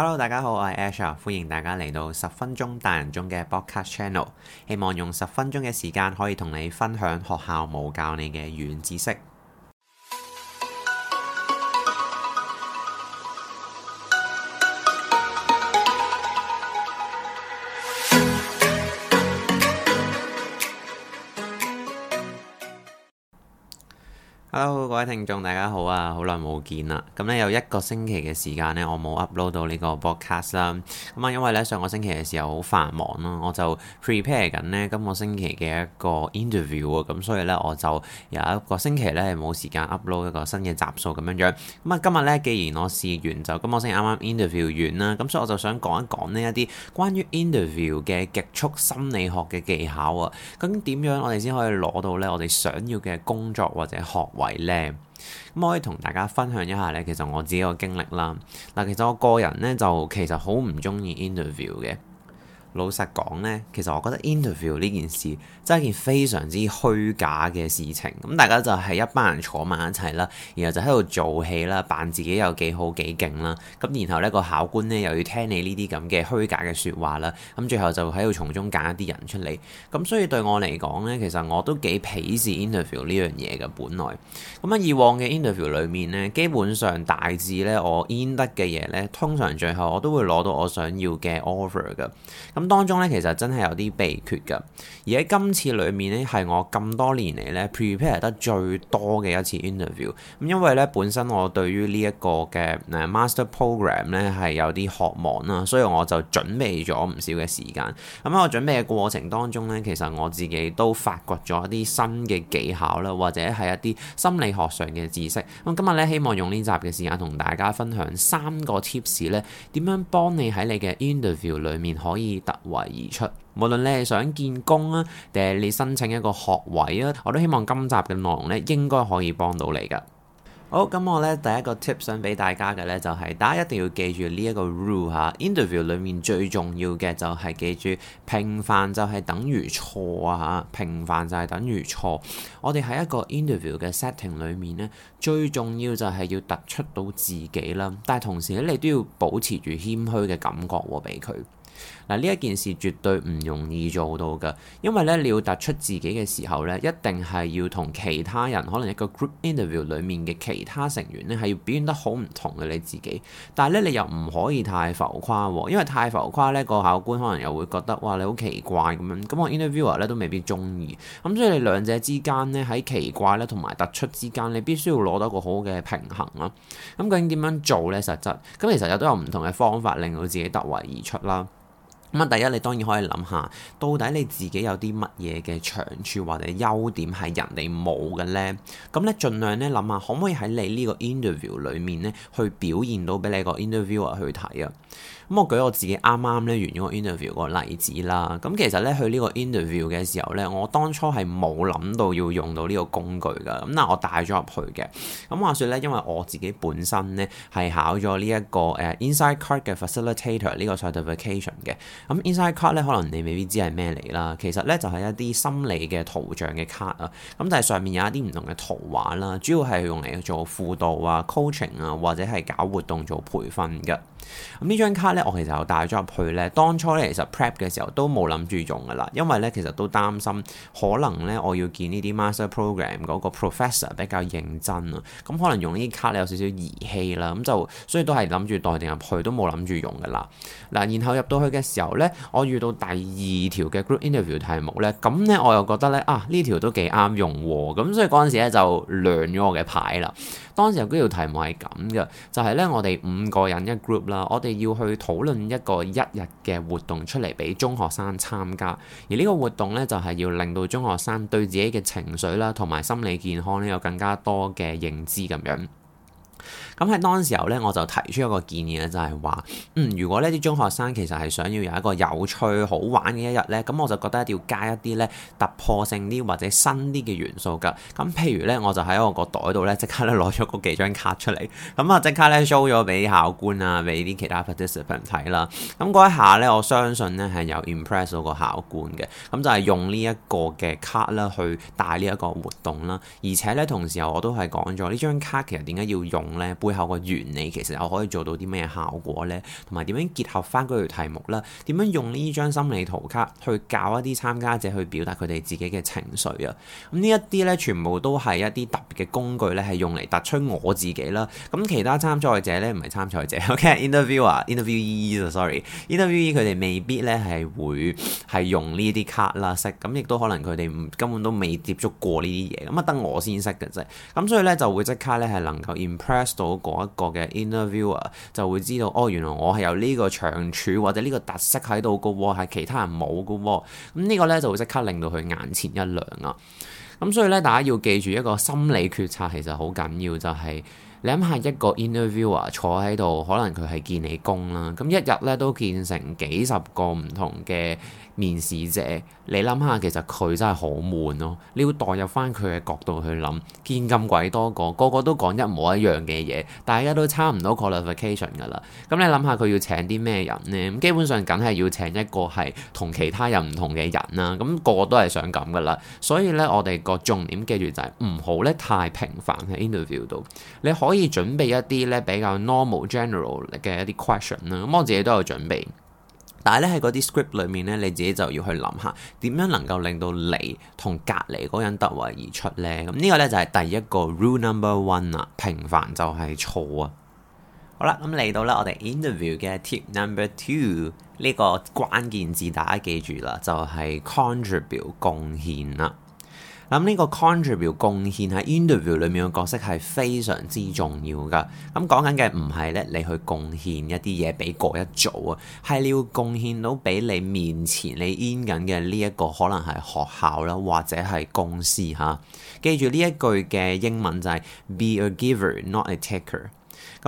Hello，大家好，我係 Ash，歡迎大家嚟到十分鐘大人中嘅播客 channel，希望用十分鐘嘅時間可以同你分享學校冇教你嘅軟知識。各位聽眾，大家好啊！好耐冇見啦。咁、嗯、咧有一個星期嘅時間咧，我冇 upload 到呢個 podcast 啦、嗯。咁啊，因為咧上個星期嘅時候好繁忙咯，我就 prepare 緊呢，今個星期嘅一個 interview 啊、嗯。咁所以咧我就有一個星期咧係冇時間 upload 一個新嘅集數咁樣樣。咁、嗯、啊，今日咧既然我試完就咁，我先啱啱 interview 完啦。咁、嗯、所以我就想講一講呢一啲關於 interview 嘅極速心理學嘅技巧啊。究竟點樣我哋先可以攞到咧我哋想要嘅工作或者學位咧？咁可以同大家分享一下咧，其實我自己嘅經歷啦。嗱，其實我個人咧就其實好唔中意 interview 嘅。.老實講呢，其實我覺得 interview 呢件事真係件非常之虛假嘅事情。咁大家就係一班人坐埋一齊啦，然後就喺度做戲啦，扮自己又幾好幾勁啦。咁然後呢個考官呢又要聽你呢啲咁嘅虛假嘅說話啦。咁最後就喺度從中揀一啲人出嚟。咁、嗯、所以對我嚟講呢，其實我都幾鄙視 interview 呢樣嘢嘅本來。咁、嗯、啊以往嘅 interview 裡面呢，基本上大致呢我 in 得嘅嘢呢，通常最後我都會攞到我想要嘅 offer 噶。咁當中咧，其實真係有啲秘訣㗎。而喺今次裡面咧，係我咁多年嚟咧 prepare 得最多嘅一次 interview。咁因為咧，本身我對於呢一個嘅 master program 咧係有啲渴望啦，所以我就準備咗唔少嘅時間。咁、嗯、喺我準備嘅過程當中咧，其實我自己都發掘咗一啲新嘅技巧啦，或者係一啲心理學上嘅知識。咁、嗯、今日咧，希望用呢集嘅時間同大家分享三個 tips 咧，點樣幫你喺你嘅 interview 裡面可以，突圍而出，無論你係想見工啊，定係你申請一個學位啊，我都希望今集嘅內容咧，應該可以幫到你噶。好，咁我咧第一個 tip 想俾大家嘅咧，就係、是、大家一定要記住呢一個 rule 吓、啊、interview 裏面最重要嘅就係記住平凡就係等於錯啊，吓平凡就係等於錯。我哋喺一個 interview 嘅 setting 裏面咧，最重要就係要突出到自己啦，但係同時咧，你都要保持住謙虛嘅感覺俾佢。嗱，呢一件事絕對唔容易做到㗎，因為咧你要突出自己嘅時候咧，一定係要同其他人可能一個 group interview 裡面嘅其他成員咧係要表現得好唔同嘅你自己，但係咧你又唔可以太浮誇喎、哦，因為太浮誇呢個考官可能又會覺得哇你好奇怪咁樣，咁我 interviewer 咧都未必中意，咁、嗯、所以你兩者之間咧喺奇怪咧同埋突出之間，你必須要攞到一個好嘅平衡咯、啊。咁、嗯、究竟點樣做咧？實質咁其實亦都有唔同嘅方法令到自己突圍而出啦。咁啊，第一你當然可以諗下，到底你自己有啲乜嘢嘅長處或者優點係人哋冇嘅呢？咁咧，盡量咧諗下，可唔可以喺你呢個 interview 裡面咧，去表現到俾你個 interviewer 去睇啊？咁、嗯、我舉我自己啱啱咧完咗個 interview 個例子啦。咁、嗯、其實咧去呢個 interview 嘅時候咧，我當初係冇諗到要用到呢個工具㗎。咁但我帶咗入去嘅。咁、嗯、話說咧，因為我自己本身咧係考咗呢一個誒、uh, Inside Card 嘅 Facilitator 呢個 certification 嘅。咁、嗯、Inside Card 咧，可能你未必知係咩嚟啦。其實咧就係、是、一啲心理嘅圖像嘅 card 啊。咁但係上面有一啲唔同嘅圖畫啦，主要係用嚟做輔導啊、coaching 啊，或者係搞活動做培訓嘅。咁呢張卡咧，我其實有帶咗入去咧。當初咧，其實 prep 嘅時候都冇諗住用噶啦，因為咧其實都擔心可能咧我要見呢啲 master program 嗰個 professor 比較認真啊，咁可能用呢啲卡咧有少少兒戲啦。咁就所以都係諗住帶定入去，都冇諗住用噶啦。嗱，然後入到去嘅時候咧，我遇到第二條嘅 group interview 題目咧，咁咧我又覺得咧啊呢條都幾啱用喎。咁所以嗰陣時咧就亮咗我嘅牌啦。當時有嗰條題目係咁嘅，就係咧我哋五個人一 group 啦。我哋要去討論一個一日嘅活動出嚟俾中學生參加，而呢個活動咧就係要令到中學生對自己嘅情緒啦，同埋心理健康咧有更加多嘅認知咁樣。咁喺當時候咧，我就提出一個建議咧，就係話，嗯，如果呢啲中學生其實係想要有一個有趣好玩嘅一日咧，咁我就覺得一定要加一啲咧突破性啲或者新啲嘅元素噶。咁譬如咧，我就喺我個袋度咧，即刻咧攞咗嗰幾張卡出嚟，咁啊即刻咧 show 咗俾考官啊，俾啲其他 participant 睇啦。咁嗰一下咧，我相信咧係有 impress 到個考官嘅。咁就係用呢一個嘅卡啦去帶呢一個活動啦，而且咧同時候我都係講咗呢張卡其實點解要用？呢背後個原理其實我可以做到啲咩效果呢？同埋點樣結合翻嗰條題目啦？點樣用呢張心理圖卡去教一啲參加者去表達佢哋自己嘅情緒啊？咁呢一啲呢，全部都係一啲特別嘅工具呢，係用嚟突出我自己啦。咁其他參賽者呢，唔係參賽者，OK？Interviewer，Interviewee、okay? sorry，Interviewee 佢哋未必呢係會係用呢啲卡啦識，咁亦都可能佢哋唔根本都未接觸過呢啲嘢，咁啊得我先識嘅啫。咁所以呢，就會即刻呢係能夠到嗰一個嘅 interviewer 就會知道，哦，原來我係有呢個長處或者呢個特色喺度嘅喎，係其他人冇嘅喎。咁呢個咧就會即刻令到佢眼前一亮啊！咁所以咧，大家要記住一個心理決策其實好緊要，就係你諗下一個 interviewer 坐喺度，可能佢係見你工啦。咁一日咧都見成幾十個唔同嘅。面試者，你諗下，其實佢真係好悶咯、啊。你要代入翻佢嘅角度去諗，見咁鬼多個，個個都講一模一樣嘅嘢，大家都差唔多 qualification 㗎啦。咁你諗下，佢要請啲咩人呢？基本上梗係要請一個係同其他同人唔同嘅人啦。咁、那個個都係想咁㗎啦。所以咧，我哋個重點記住就係唔好咧太平凡喺 interview 度。你可以準備一啲咧比較 normal general 嘅一啲 question 啦、啊。咁我自己都有準備。但係咧喺嗰啲 script 裏面咧，你自己就要去諗下點樣能夠令到你同隔離嗰人突圍而出咧，咁、這個、呢個咧就係、是、第一個 rule number one 啦，平凡就係錯啊！好啦，咁嚟到咧我哋 interview 嘅 tip number two 呢個關鍵字，大家記住啦，就係、是、contribute 貢獻啦。咁呢個 contribute 貢獻喺 interview 裏面嘅角色係非常之重要噶。咁講緊嘅唔係咧，你去貢獻一啲嘢俾嗰一組啊，係你要貢獻到俾你面前你 in 緊嘅呢一個可能係學校啦，或者係公司吓，記住呢一句嘅英文就係 be a giver not a taker。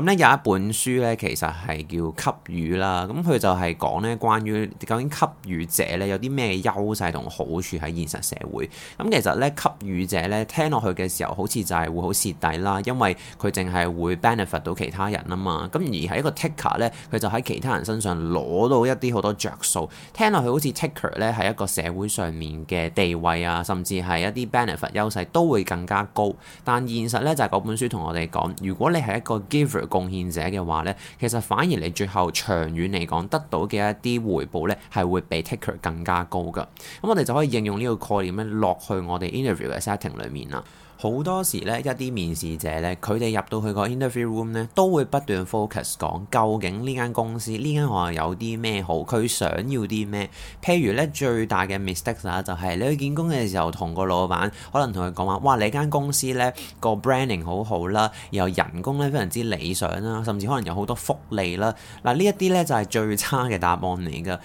咁咧有一本書咧，其實係叫給予啦。咁、嗯、佢就係講咧關於究竟給予者咧有啲咩優勢同好處喺現實社會。咁、嗯、其實咧給予者咧聽落去嘅時候，好似就係會好蝕底啦，因為佢淨係會 benefit 到其他人啊嘛。咁而係一個 taker 咧，佢就喺其他人身上攞到一啲好多着數。聽落去好似 taker 咧係一個社會上面嘅地位啊，甚至係一啲 benefit 優勢都會更加高。但現實咧就係、是、嗰本書同我哋講，如果你係一個 giver。貢獻者嘅話咧，其實反而你最後長遠嚟講得到嘅一啲回報咧，係會比 taker 更加高㗎。咁我哋就可以應用呢個概念咧，落去我哋 interview 嘅 setting 裡面啦。好多時咧，一啲面試者咧，佢哋入到去個 interview room 咧，都會不斷 focus 講究竟呢間公司呢間學校有啲咩好，佢想要啲咩。譬如咧，最大嘅 mistake 啦，就係你去見工嘅時候，同個老闆可能同佢講話，哇！你間公司咧個 branding 好好啦，然後人工咧非常之理想啦，甚至可能有好多福利啦。嗱，呢一啲咧就係最差嘅答案嚟㗎。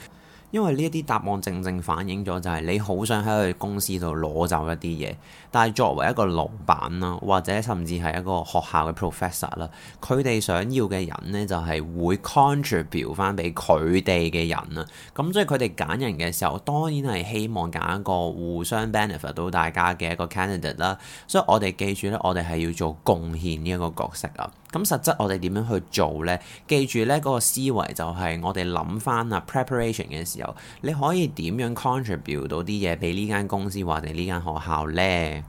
因為呢一啲答案正正反映咗，就係你好想喺佢公司度攞走一啲嘢，但係作為一個老闆啦，或者甚至係一個學校嘅 professor 啦，佢哋想要嘅人呢，就係會 contribute 翻俾佢哋嘅人啦。咁所以佢哋揀人嘅時候，當然係希望揀一個互相 benefit 到大家嘅一個 candidate 啦。所以我哋記住咧，我哋係要做貢獻呢一個角色啊！咁實質我哋點樣去做呢？記住呢，嗰個思維就係我哋諗翻啊，preparation 嘅時候，你可以點樣 contribute 到啲嘢俾呢間公司或者呢間學校呢？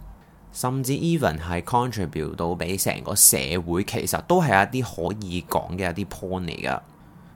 甚至 even 係 contribute 到俾成個社會，其實都係一啲可以講嘅一啲 point 嚟噶。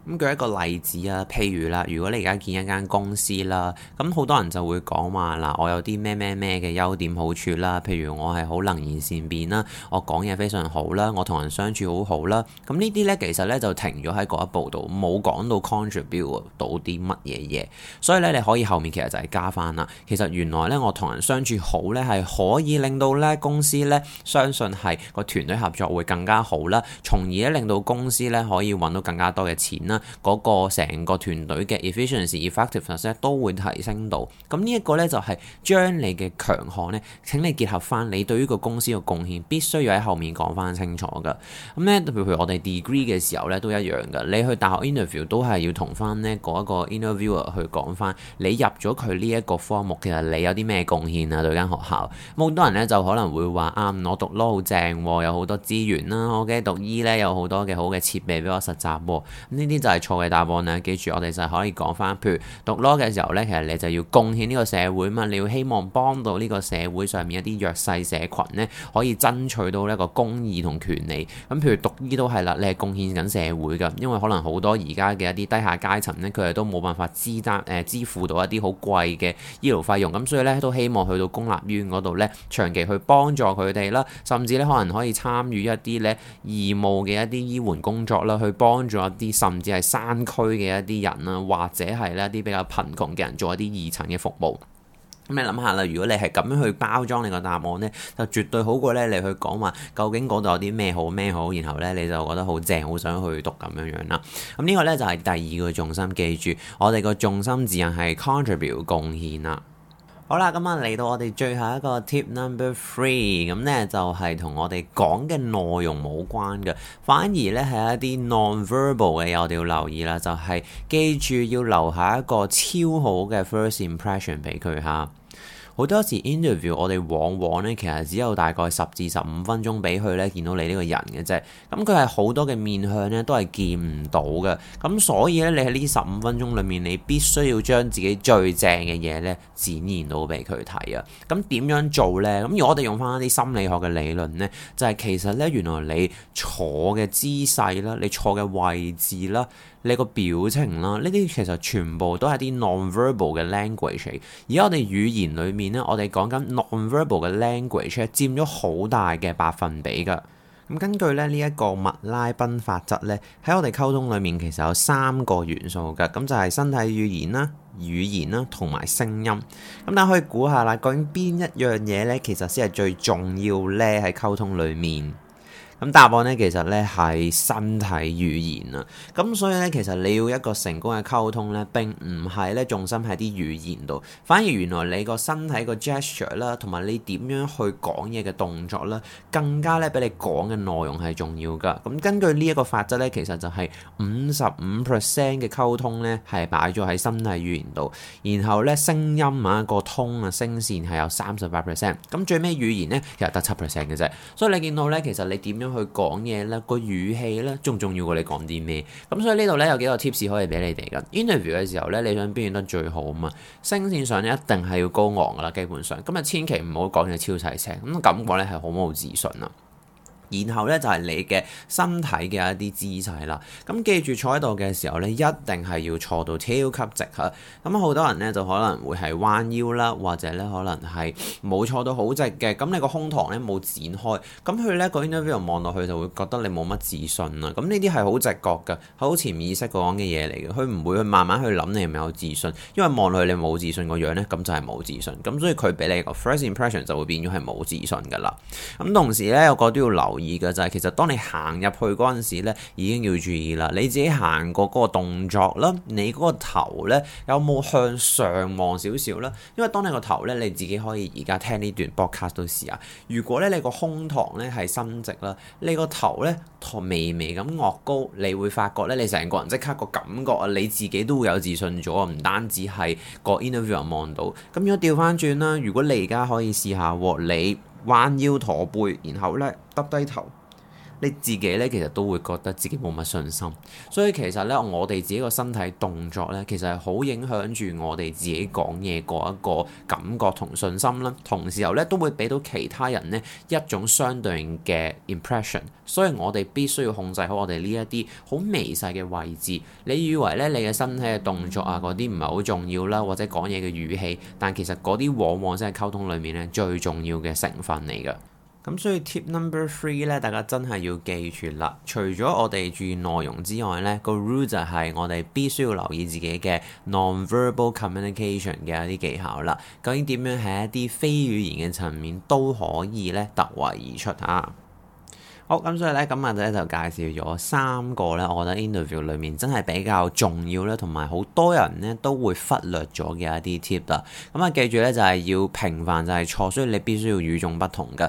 咁舉一個例子啊，譬如啦，如果你而家見一間公司啦，咁好多人就會講話嗱，我有啲咩咩咩嘅優點好處啦，譬如我係好能言善辯啦，我講嘢非常好啦，我同人相處好好啦，咁呢啲呢，其實呢就停咗喺嗰一步度，冇講到 contribute 到啲乜嘢嘢，所以呢，你可以後面其實就係加翻啦。其實原來呢，我同人相處好呢，係可以令到呢公司呢相信係個團隊合作會更加好啦，從而呢令到公司呢可以揾到更加多嘅錢。嗱，嗰個成個團隊嘅 efficiency、effectiveness 都會提升到。咁呢一個咧就係、是、將你嘅強項咧，請你結合翻你對於個公司嘅貢獻，必須要喺後面講翻清楚嘅。咁咧，譬如我哋 degree 嘅時候咧都一樣嘅。你去大學 interview 都係要同翻呢嗰一個 interviewer 去講翻，你入咗佢呢一個科目，其實你有啲咩貢獻啊？對間學校，咁好多人咧就可能會話啊，我讀 law 好正喎，有好多資源啦。我嘅讀醫咧有多的好多嘅好嘅設備俾我實習喎。呢啲就係錯嘅答案咧。記住，我哋就可以講翻譬如讀 law 嘅時候咧，其實你就要貢獻呢個社會嘛。你要希望幫到呢個社會上面一啲弱勢社群咧，可以爭取到呢個公義同權利。咁譬如讀醫都係啦，你係貢獻緊社會噶，因為可能好多而家嘅一啲低下階層咧，佢哋都冇辦法支擔誒、呃、支付到一啲好貴嘅醫療費用。咁所以咧，都希望去到公立醫院嗰度咧，長期去幫助佢哋啦，甚至咧可能可以參與一啲咧義務嘅一啲醫援工作啦，去幫助一啲甚至。係山區嘅一啲人啦，或者係呢一啲比較貧窮嘅人，做一啲二層嘅服務。咁你諗下啦，如果你係咁樣去包裝你個答案呢，就絕對好過呢你去講話究竟嗰度有啲咩好咩好，然後呢你就覺得好正，好想去讀咁樣樣啦。咁呢個呢，就係第二個重心，記住我哋個重心自然係 contribute 貢獻啦。好啦，咁啊嚟到我哋最後一個 tip number three，咁、嗯、呢，就係、是、同我哋講嘅內容冇關嘅，反而呢係一啲 non-verbal 嘅嘢，我哋要留意啦，就係、是、記住要留下一個超好嘅 first impression 俾佢吓。好多時 interview 我哋往往呢，其實只有大概十至十五分鐘俾佢呢見到你呢個人嘅啫。咁佢係好多嘅面向呢都係見唔到嘅。咁所以呢，你喺呢十五分鐘裏面，你必須要將自己最正嘅嘢呢展現到俾佢睇啊。咁點樣做呢？咁而我哋用翻一啲心理學嘅理論呢，就係其實呢，原來你坐嘅姿勢啦，你坐嘅位置啦。你個表情啦，呢啲其實全部都係啲 non-verbal 嘅 language。而家我哋語言裏面咧，我哋講緊 non-verbal 嘅 language 係佔咗好大嘅百分比㗎。咁根據咧呢一個麥拉賓法則咧，喺我哋溝通裏面其實有三個元素㗎。咁就係身體語言啦、語言啦同埋聲音。咁大家可以估下啦，究竟邊一樣嘢咧，其實先係最重要咧喺溝通裏面？咁答案咧，其實咧係身體語言啊！咁所以咧，其實你要一個成功嘅溝通咧，並唔係咧重心喺啲語言度，反而原來你個身體個 gesture 啦，同埋你點樣去講嘢嘅動作啦，更加咧俾你講嘅內容係重要噶。咁根據呢一個法則咧，其實就係五十五 percent 嘅溝通咧，係擺咗喺身體語言度，然後咧聲音啊、個 tone 啊聲線係有三十八 percent，咁最尾語言咧又得七 percent 嘅啫。所以你見到咧，其實你點樣。去講嘢咧，個語氣咧仲重要過你講啲咩。咁所以呢度咧有幾個 tips 可以俾你哋嘅。Interview 嘅時候咧，你想表現得最好啊嘛，聲線上咧一定係要高昂噶啦，基本上。咁啊，千祈唔好講嘢超細聲，咁感覺咧係好冇自信啊。然後咧就係、是、你嘅身體嘅一啲姿勢啦。咁、嗯、記住坐喺度嘅時候咧，一定係要坐到超級直嚇。咁、啊、好、嗯、多人咧就可能會係彎腰啦，或者咧可能係冇坐到好直嘅。咁、嗯、你個胸膛咧冇展開，咁、嗯、佢呢、呢個 interview 望落去就會覺得你冇乜自信啊。咁呢啲係好直覺嘅，係好潛意識講嘅嘢嚟嘅。佢唔會去慢慢去諗你係咪有自信，因為望落去你冇自信個樣咧，咁就係冇自信。咁、嗯、所以佢俾你個 first impression 就會變咗係冇自信噶啦。咁、嗯、同時咧，我覺得要留意。意嘅就係，其實當你行入去嗰陣時咧，已經要注意啦。你自己行過嗰個動作啦，你嗰個頭咧有冇向上望少少啦？因為當你個頭咧，你自己可以而家聽呢段 broadcast 都試下。如果咧你個胸膛咧係伸直啦，你個頭咧托微微咁略高，你會發覺咧你成個人即刻個感覺啊，你自己都會有自信咗，唔單止係個 interview 人望到。咁如果調翻轉啦，如果你而家可以試下喎，你。彎腰、駝背，然後咧耷低頭。你自己咧，其實都會覺得自己冇乜信心，所以其實咧，我哋自己個身體動作咧，其實係好影響住我哋自己講嘢嗰一個感覺同信心啦。同時候咧，都會俾到其他人咧一種相對應嘅 impression。所以我哋必須要控制好我哋呢一啲好微細嘅位置。你以為咧，你嘅身體嘅動作啊嗰啲唔係好重要啦，或者講嘢嘅語氣，但其實嗰啲往往真係溝通裡面咧最重要嘅成分嚟㗎。咁所以 tip number three 咧，大家真係要記住啦。除咗我哋注意內容之外咧，個 rule 就係我哋必須要留意自己嘅 non-verbal communication 嘅一啲技巧啦。究竟點樣喺一啲非語言嘅層面都可以咧突圍而出吓，好咁，所以咧咁啊，今日就介紹咗三個咧，我覺得 interview 裏面真係比較重要咧，同埋好多人咧都會忽略咗嘅一啲 tip 啦。咁啊，記住咧就係、是、要平凡就係錯，所以你必須要與眾不同嘅。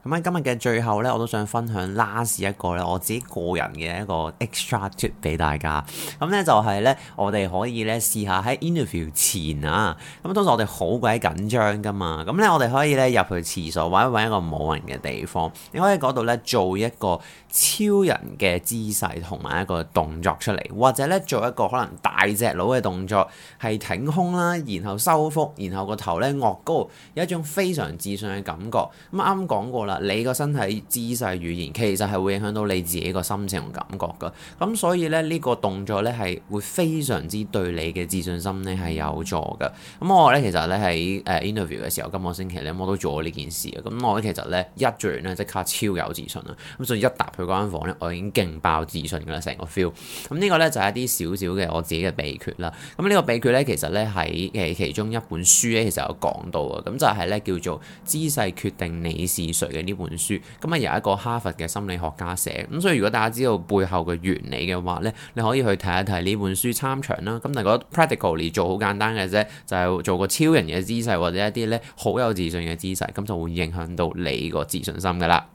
咁喺今日嘅最後咧，我都想分享 last 一個咧我自己個人嘅一個 extra tip 俾大家。咁咧就係咧，我哋可以咧試下喺 interview 前啊，咁當時我哋好鬼緊張噶嘛。咁咧我哋可以咧入去廁所，或者揾一個冇人嘅地方，你可以嗰度咧做一個超人嘅姿勢同埋一個動作出嚟，或者咧做一個可能大隻佬嘅動作，係挺胸啦，然後收腹，然後個頭咧昂高，有一種非常自信嘅感覺，咁啱講過啦。你個身體姿勢語言其實係會影響到你自己個心情同感覺噶，咁所以咧呢個動作咧係會非常之對你嘅自信心咧係有助噶。咁我咧其實咧喺誒 interview 嘅時候，今個星期咧我都做咗呢件事。咁我咧其實咧一做完咧即刻超有自信啊！咁所以一踏入間房咧，我已經勁爆自信噶啦，成個 feel。咁呢個咧就係一啲小小嘅我自己嘅秘訣啦。咁呢個秘訣咧其實咧喺誒其中一本書咧其實有講到啊。咁就係咧叫做姿勢決定你是誰。呢本書咁啊，由一個哈佛嘅心理學家寫咁、嗯，所以如果大家知道背後嘅原理嘅話咧，你可以去睇一睇呢本書參詳啦。咁但係嗰 practical 嚟做好簡單嘅啫，就係、是、做個超人嘅姿勢或者一啲咧好有自信嘅姿勢，咁就會影響到你個自信心噶啦。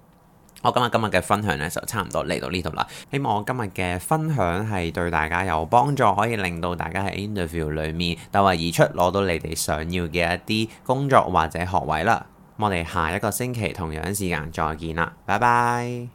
好，今日今日嘅分享呢就差唔多嚟到呢度啦。希望我今日嘅分享係對大家有幫助，可以令到大家喺 interview 裏面突圍而出，攞到你哋想要嘅一啲工作或者學位啦。我哋下一個星期同樣時間再見啦，拜拜。